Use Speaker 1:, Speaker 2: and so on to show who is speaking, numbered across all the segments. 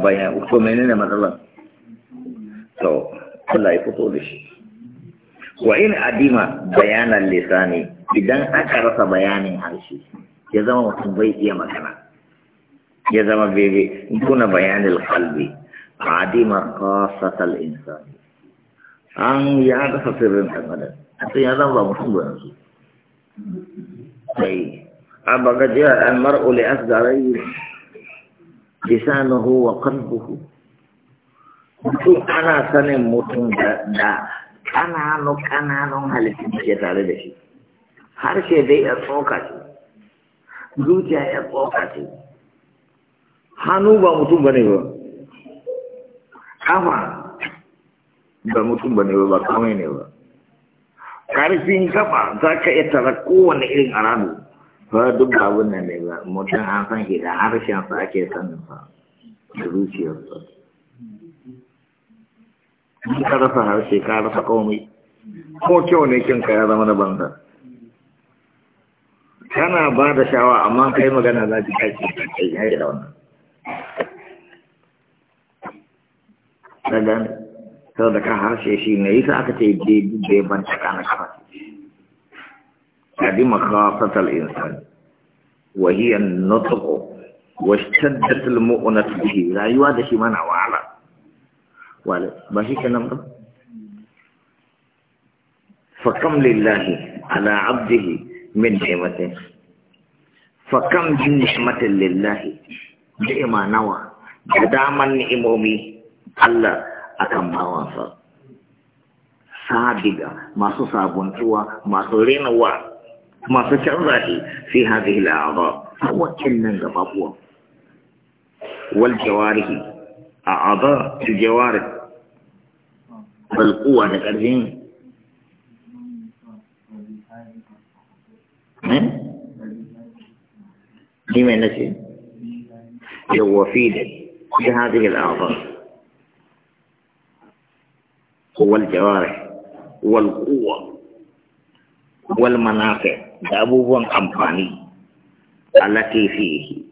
Speaker 1: bayan ko menene matsalar to Allah ya fito da shi wa in adima bayanan lisani idan aka rasa bayanin harshe ya zama mutum bai iya magana ya zama bebe kuna bayanin kalbi adima qasatal insani an ya rasa sirrin dan adam sai ya zama mutum ba yanzu sai abaga jiya al mar'u li asgari lisanuhu wa qalbuhu mutum ana sanin mutum da kananu kananun halittun da ke tare da shi harshe dai ya tsoka ce zuciya ya tsoka ce hannu ba mutum bane ba kafa ba mutum bane ba ba kamai ne ba karfin kafa za ka iya tara kowane irin aradu ba duk abin nan ne ba mutum an san shi da harshensa ake sanin sa da zuciyarsa ka rasa harshe ka rasa komai ko kyau ne kinka ya zama na banza kana ba da shawa amma kai magana za ki kai kai ya da wannan daga sau da ka harshe shi ne yi sa aka ce je قدم خاصة الإنسان وهي النطق واشتدت المؤنة به لا يواد شي منع وعلا ولا ماشي كلام فكم لله على عبده من نعمة فكم من نعمة لله نعمة نوى داما نعمومي الله أكم ما صادقة ما سو صابون ما سو رينوا ما ستعرضه في هذه الأعضاء هو توكلنا لبابوة والجوارح أعضاء الجوارح والقوة لكرهين لما نسي هو في هذه الأعضاء هو الجوارح والقوة والمنافع da abubuwan amfani allati fihi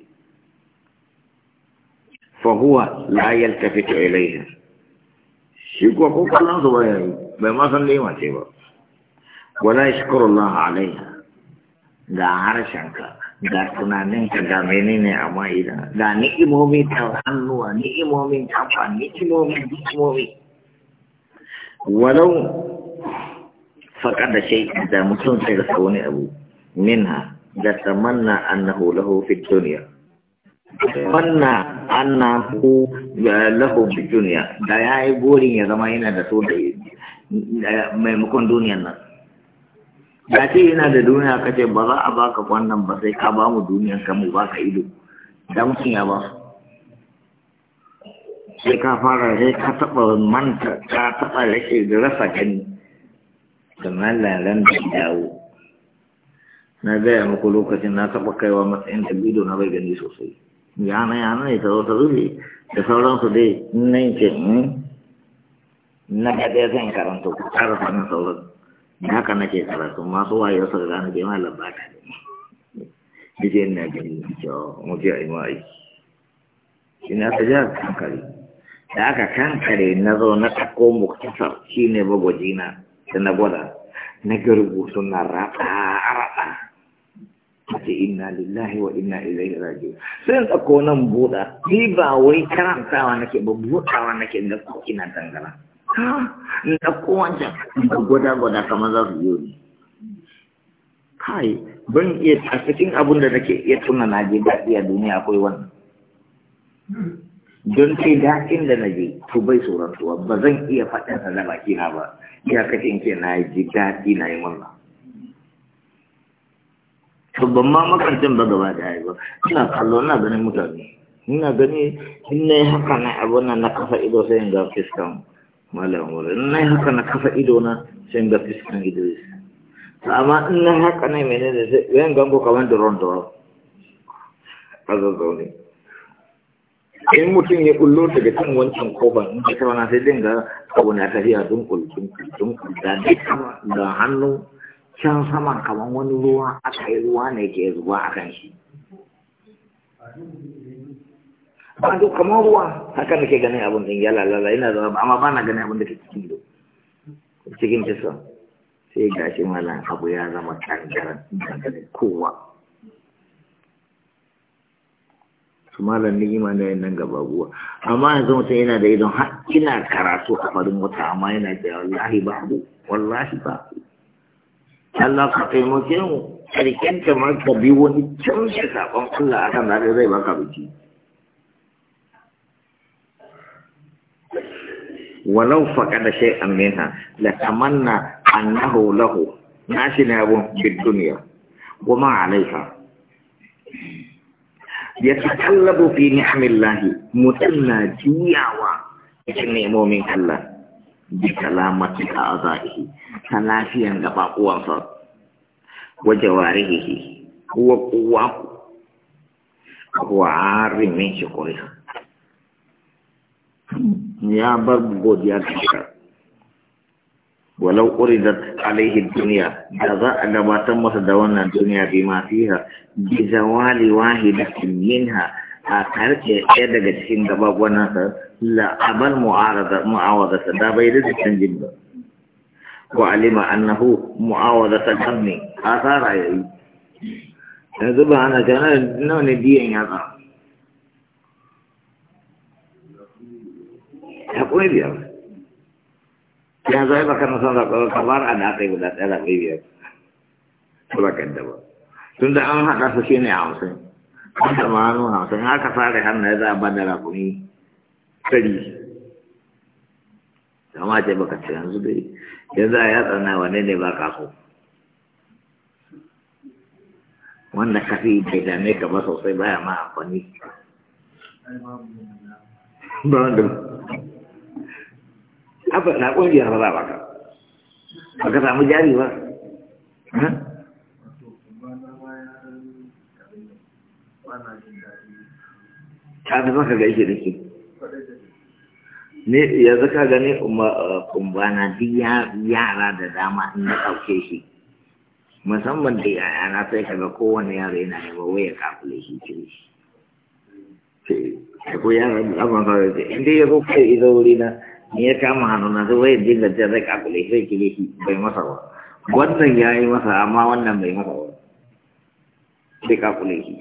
Speaker 1: fa huwa la yaltafitu ilayha shi ko ko kallon su bai bai ma san lema ce ba wala yashkuru Allah alaiha ga harshenka ga tunaninka ga ne amma idan ga ni'imomi ta hannuwa ni'imomin kafa ni'imomi ni'imomi walau Faƙar da shai da mutum sai da wani abu minha da tamanna annahu lahu fi duniya fanna annahu lahu fi duniya da ya yi burin ya zama yana da so da maimakon duniyar nan da ce yana da duniya ka ce ba za a baka wannan ba sai ka ba mu duniyan ka mu baka ido da mutum ya ba sai ka fara sai ka taɓa manta ka taɓa rashe da rasa gani da malalan da dawo na gaya muku lokacin na taɓa kaiwa matsayin da bido na bai gani sosai yana yana ne ta zo ta zuri da sauransu dai na yi ce hmm, na gaɗe zan karanta ku tsara sanin sauran da haka nake karatu masu wayo sau da nake ma labata ne dike na gani cewa oh, muke a yi ma aiki shi na ta jihar kankare da aka kankare na zo na ɗauko muktasar shi ne magwajina da na gwada na ga rubutu na raɗa-raɗa a ce inna lillahi wa inna ilaihi raji'un sai in tsako nan buɗa ni ba wai karantawa eh, nake ba eh, buɗawa nake na ina dangana in wancan ba gwada-gwada kamar za su yi kai ban iya a cikin abin da nake iya tuna na je daɗi duniya akwai wannan don ce da da na je to bai tsorontuwa ba zan iya faɗin sa da baki na ba ya in ce na ji daɗi na yi murna to ban ma makarcin ba gaba da ba ina kallo ina ganin mutane ina gani in na yi haka na abu na na kafa ido sai in ga fiskan malam wuri in na yi haka na kafa ido na sai in ga fiskan idris amma in na haka na yi menene sai yan gango kamar da ron da ron a zazzaune in mutum ya kullo daga cin wancan koban da ta tana sai dinga abu na tafiya dunkul dunkul dunkul da duka da hannu can sama kamar wani ruwa aka yi ruwa ne ke zuwa a kan shi ba duk kamar ruwa haka nake ganin abin din ya lalala ina zama amma ba na ganin abin da ke cikin ido cikin kisa sai gashi malam abu ya zama kankaran dangane kowa malam ni'ima ne nan gaba guwa amma yanzu mutum yana da idon haƙina karatu a farin wata amma yana da wallahi ba ku wallahi ba Allah ka taimake mu karken ta ma ka bi wani canza sabon Allah kan da zai baka biki walau da shai amina da tamanna annahu lahu nashi na abun bid dunya wa ma yatakallabu fi ni'amillahi mutum na juyawa cikin nemomin Allah bi kalamati a azaihi ta lafiyan gaba uwansa wa jawarihi wa kuwa wa arin min shukuri ya bar godiya ta walau uridat عليه الدنيا جزاء لما تم تدورنا الدنيا بما فيها بزوال واحدة منها أكرت يدك تشين دباب ونسا لا أبل معارضة معاوضة دا بيرد تنجد وعلم أنه معاوضة الأمن آثار أيضا yanzu ba ana gana nawa ne biyan yatsa ya kuma biyar ya zai baka na son kamar a daɗe guda ɗaya zaɓe biyar ba kan da ba tun da an haɗa su shi ne hamsin an taɓa hannu hamsin haka fara hannu ya za a bada rakumi ɗari amma ce baka ce yanzu dai yanzu a ne ba ka so wanda kafi bai dame ka ba sosai baya ma amfani haka na ƙungiyar ba ba
Speaker 2: ka
Speaker 1: jari ga ishe da ke ne kumbana yara da dama in na ɗauke shi musamman da yayana sai kaga kowane yaro yana yaba waya kafule shi ce shi ko yara da amma ka yake, in dai kai na me ya kama hannu na zuwa ya dinga jin rai kakule sai kire shi bai masa ba wannan ya yi masa amma wannan bai masa ba sai kakule shi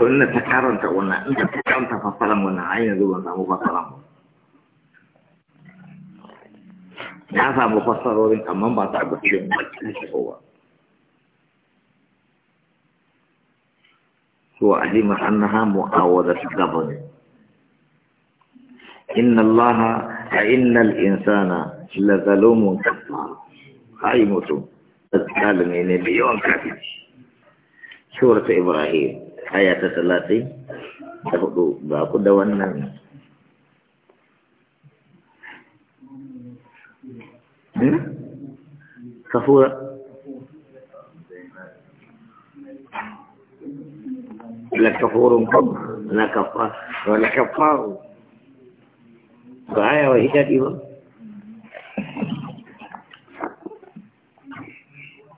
Speaker 1: to ta karanta wannan ina ta karanta fasaran wannan a yanzu ban samu fasaran ba na samu fasarorin amma ba ta abu cikin bakin shi ba to a ji ma'annaha mu'awadatu gabanin إن الله إن الإنسان لظلوم كفار هاي موتو الظالم يعني بيوم كافر سورة إبراهيم آية ثلاثة تقول باقود دوانا كفورة
Speaker 2: لكفور قبر
Speaker 1: لكفار ولكفار ba a yawa ita ba